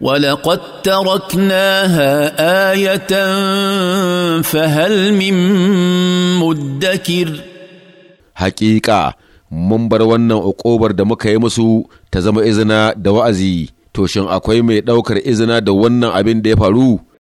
ولقد تركناها ايه فهل من مدكر حقيقه mun bar wannan uƙobar da muka yi musu ta zama izina da wa'azi to shin akwai mai ɗaukar izina da wannan abin da ya faru